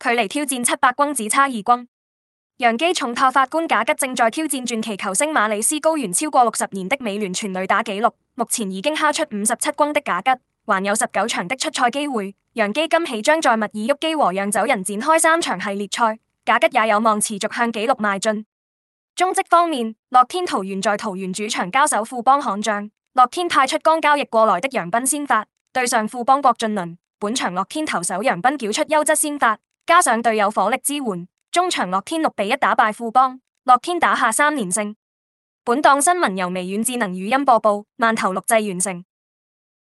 距離挑戰七百轟只差二轟，洋基重炮法官賈吉正在挑戰傳奇球星馬里斯高懸超過六十年的美聯全壘打紀錄。目前已經敲出五十七轟的賈吉，還有十九場的出賽機會。洋基今起將在密爾瓦基和釀酒人展開三場系列賽，賈吉也有望持續向紀錄邁進。中職方面，樂天桃猿在桃園主場交手富邦悍將，樂天派出剛交易過來的楊斌先發，對上富邦郭俊麟。本場樂天投手楊斌繳出優質先發。加上隊友火力支援，中場樂天六比一打敗富邦，樂天打下三連勝。本檔新聞由微軟智能語音播報，慢投錄製完成。